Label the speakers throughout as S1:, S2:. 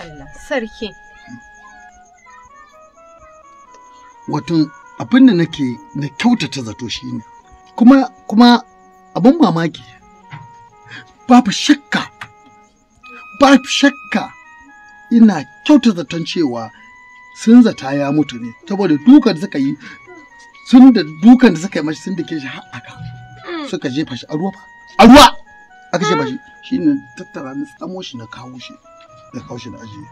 S1: Allah sarki.
S2: Watan abin da nake na kyautata zato shi ne, kuma kuma abin mamaki babu shakka, babu shakka ina kyautata zaton cewa sun zata ya mutu ne, saboda dukan da suka yi sun da dukan da suka yi mashi sun da ke shi har aka mm. suka jefa shi a ruwa ba. A ruwa! Aka jefa shi, shi ne tattara na tsamo shi na kawo shi. na kawo na ajiye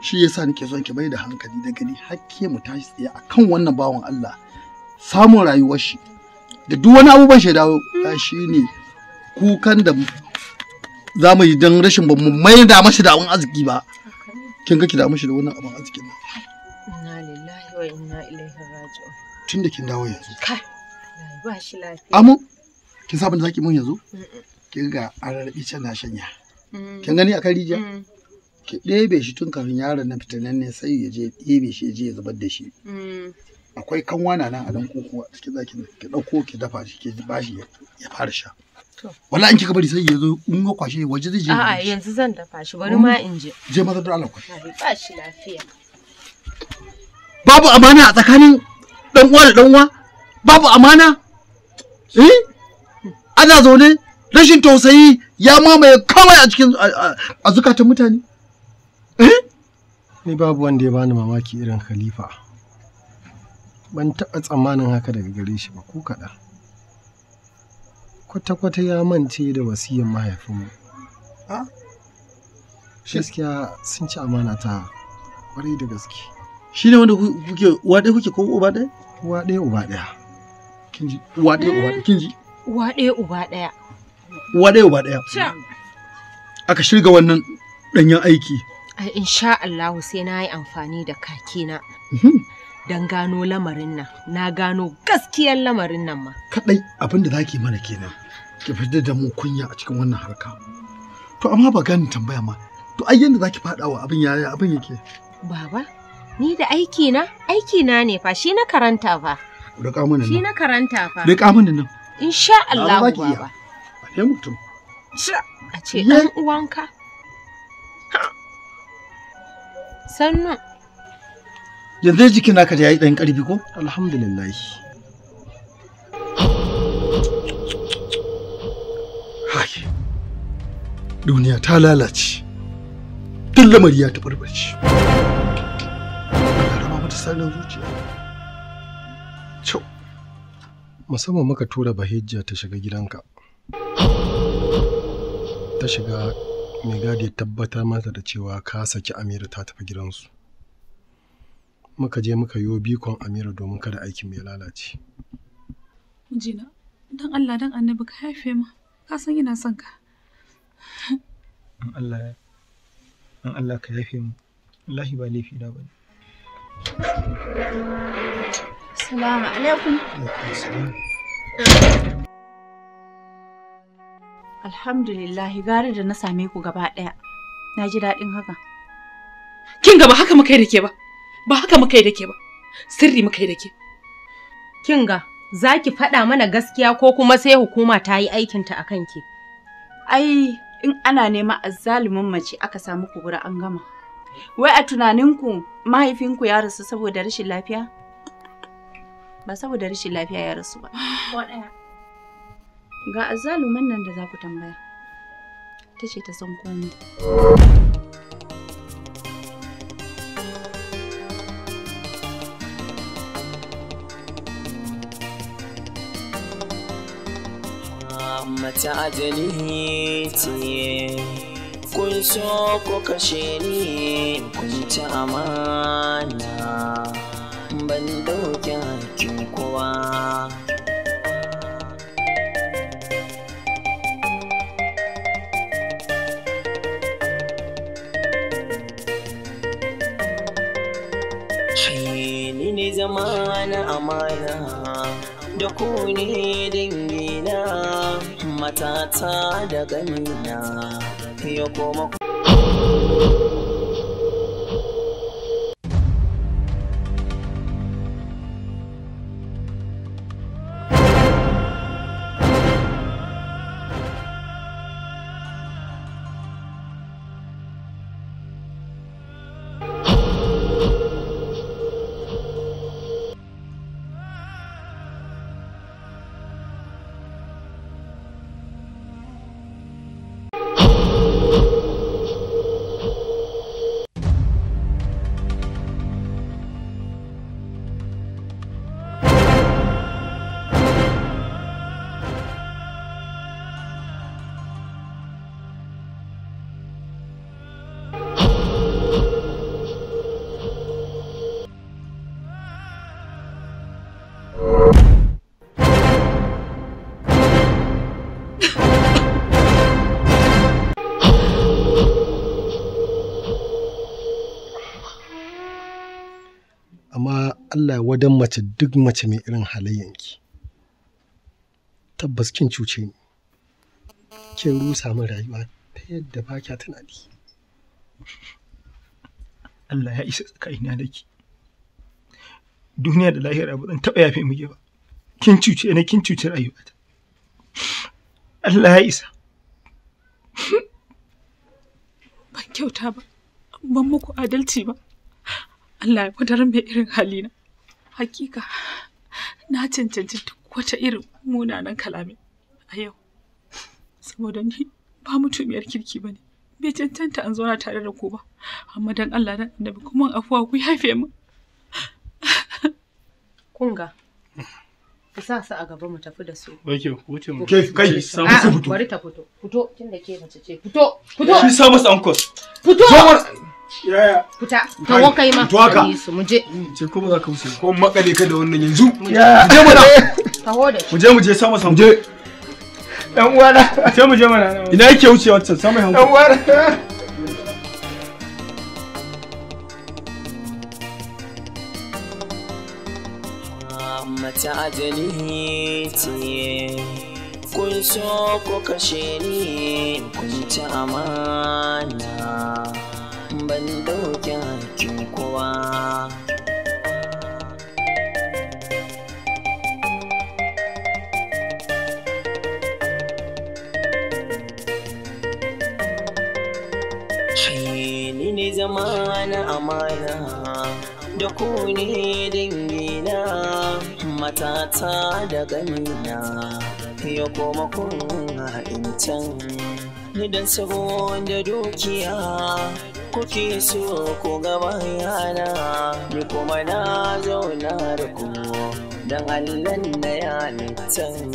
S2: shi yasa nake son ki bai da hankali da gani hakke mu tashi tsaye akan wannan bawan Allah samun rayuwar shi da duk wani abubuwan shi dawo shi ne kukan da za mu yi don rashin ba mu mai da mashi da abin arziki ba kin ga ki da mashi da wannan abin arziki ba
S1: inna lillahi wa inna ilaihi raji'un
S2: tun kin dawo yanzu
S1: kai ba shi lafiya
S2: amu kin sabon da zaki mun yanzu kin ga an rabi can na shanya Mm. kin gani akan rijiya mm. ki ɗebe shi tun kafin yaron na fitinan ne sai ya je ɗebe shi ya je ya zubar da shi mm. akwai kanwa na nan a nan koko a cikin zaki ki ɗauko ki dafa shi ki ba shi ya fara sha wala in kika bari sai ya zo in ya kwashe waje zai je a'a yanzu
S1: zan dafa shi bari ma in je je maza da Allah kwashe ba shi lafiya
S2: babu amana a tsakanin dan uwa da dan uwa babu amana eh ana zaune rashin tausayi ya mamaye kawai a cikin
S3: a zukatan mutane eh? ni babu wanda ya bani mamaki irin khalifa ban taɓa tsammanin haka daga gare shi ba ko kaɗan kwata-kwata ya mance da wasiyan mahaifinmu gaskiya sun ci amana ta kwarai da gaske shi ne wanda kuke uwa ɗaya kuke ko uba ɗaya uwa ɗaya uba ɗaya kinji uwa ɗaya uba ɗaya kinji
S1: uwa ɗaya uba ɗaya
S2: wadai ɗaya uba aka shirga wannan ɗanyen aiki
S1: in sha Allah sai na yi amfani da kakina mhm. don gano lamarin nan na gano gaskiyar lamarin nan ma kadai
S2: abin da zaki mana kenan ki fitar da mu kunya a cikin wannan harka to amma ba gani tambaya ma to ai yanda zaki fada wa abin yaya abin yake
S1: baba ni da aiki na aiki na ne fa shi na karanta fa
S2: Rika mana nan shi na
S1: karanta fa Rika mana nan Insha Allah baba sai mutum a ce ɗan uwanka sannu
S2: yanzu jikin naka da yayi ɗan ƙarfi ko alhamdulillah hai duniya ta lalace
S3: duk lamari ya taɓarɓarci rama mata sanin zuciya musamman muka tura bahijja ta shiga gidanka ta shiga mai gadi ya tabbatar mata da cewa ka saki amira ta tafi gidansu muka je muka yi bikon amira domin kada aikin ya lalace
S1: mijina don allah don annabi ka haife ma ka san ina son ka
S3: allah an allah ka haife mu wallahi ba laifi da ba
S4: salamu alaikum Alhamdulillah gare
S1: da na same ku gaba ɗaya. Na ji daɗin haka. Kin ga ba haka muka yi da ke ba. Ba haka muka yi da ke ba. Sirri muka yi da ke. Kin ga za ki faɗa mana gaskiya ko kuma sai hukuma ta yi aikinta a kanki. Ai in ana nema azzalumin mace aka samu ku gura an gama. Wai a tunaninku mahaifinku ya rasu saboda rashin lafiya? Ba saboda rashin lafiya ya rasu ba. ga azaluman nan da za ku tambaya ta ce ta san komai
S4: mace ajali ce kun so ko kashe ni kun ci amana ban dauke kin kowa Mana amana da ku ne dangina matata da ganina ya kuma
S3: Amma Allah ya wadan mace duk mace mai irin halayyanki. Tabbas kin cuce ni. Kin rusa min rayuwa ta yadda ba kya tunani. Allah ya isa tsakanina da ke. duniya da lahira ba zan taɓa yafe muke ba kin cuce ni kin cuce rayuwata Allah ya isa
S1: ban kyauta ba ban muku adalci ba Allah ya kwadarar mai irin halina hakika na cancanci duk wata irin munanan kalami a yau saboda ni ba mutumiyar kirki ba ne bai cancanta an zauna tare da ku ba amma don Allah na annabi kuma afuwa ku yafe min kunga ku sa su a gaba mu tafi da su oke
S3: wuce mu kai kai sa musu fito bari
S1: ta fito fito tunda ke mace ce fito fito ki sa musu ankos fito Ya ya. fita Ka waka yi ma to haka mu je
S3: hmm, ce ko ba za ka wuce ko makale ka da wannan yanzu mu je mu
S1: da
S4: Ka hode.
S3: mu je mu je sa musu mu je dan uwana
S4: sai mu je mana
S3: ina yake wuce can sa mai hankali dan
S4: uwana mace ajali ce kun so ku kashe ni kun ci amana ban dauke hakkin kowa ni ne zama na amana da ku ne dangina matata da ganina ya koma kuna in can idan sabo da dukiya kuke so ku gaba yana ni kuma na zauna da ku don allan na ya can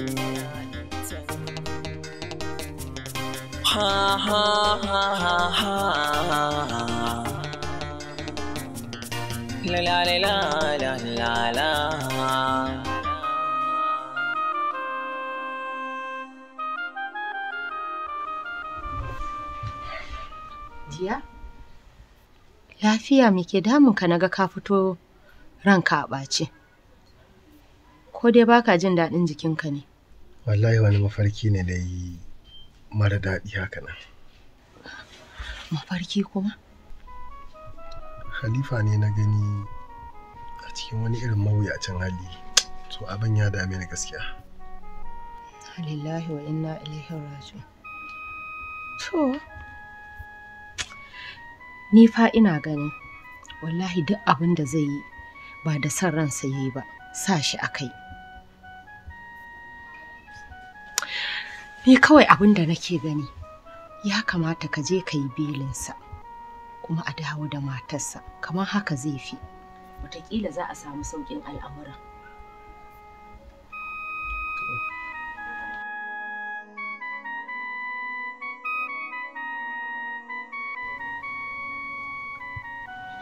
S4: ha ha ha ha ha la la la la la la
S1: Hajiya? Lafiya me ke damunka na ga ka fito ranka a ɓace? Ko dai baka jin daɗin jikinka ne?
S3: Wallahi wani mafarki ne da mara daɗi haka nan.
S1: Mafarki kuma?
S3: Khalifa ne na gani a cikin wani irin mawuyacin hali. To abin ya dame ni gaskiya.
S1: Lillahi wa inna ilaihi raji'un. To, ni fa ina ganin wallahi duk abin da zai yi ba da son ransa yayi ba sa shi a kai ni kawai abin da nake gani ya kamata ka je ka yi belinsa kuma a dawo da matarsa kamar haka zai fi wataƙila za a samu sauƙin al'amuran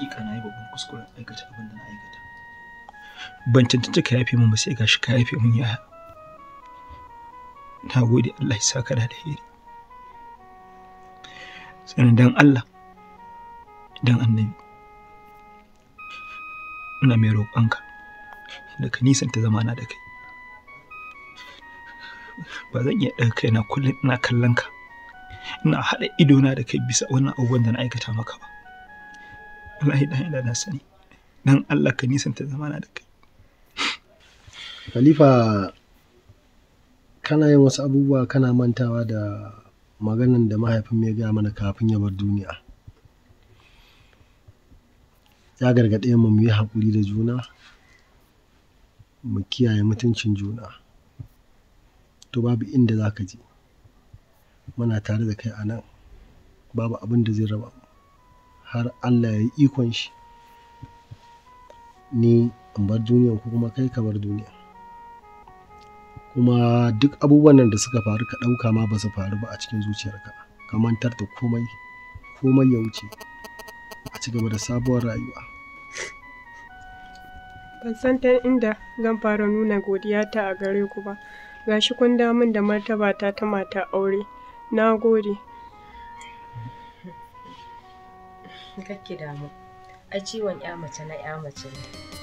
S3: hakika na yi babban kuskuren aikata abin da na aikata ban cancanta ka yafe min ba sai gashi ka yafe min ya na gode Allah ya saka da alheri sannan dan Allah dan annabi ina mai roƙonka da ka nisanta zamana da kai ba zan iya ɗaga kaina kullum ina kallon ka ina haɗa idona da kai bisa wannan abubuwan da na aikata maka ba wallahi da ina na sani dan Allah ka nisanta zamana da kai Khalifa kana yin wasu abubuwa kana mantawa da maganan da mahaifin mai gaya mana kafin ya bar duniya ya gargaɗe mu mu yi haƙuri da juna mu kiyaye mutuncin juna to babu inda za ka je muna tare da kai a nan babu abin da zai raba mu har Allah ya yi ikon shi ni in bar duniya ko kuma kai ka bar duniya kuma duk abubuwan nan da suka faru ka ɗauka ma ba su faru ba a cikin zuciyarka ka mantar da komai komai ya wuce a ci gaba da sabuwar rayuwa
S1: ban san ta inda zan fara nuna godiya ta a gare ku ba gashi kun damun da martaba ta ta mata aure na gode kake damu ai ciwon ya mace na ya mace ne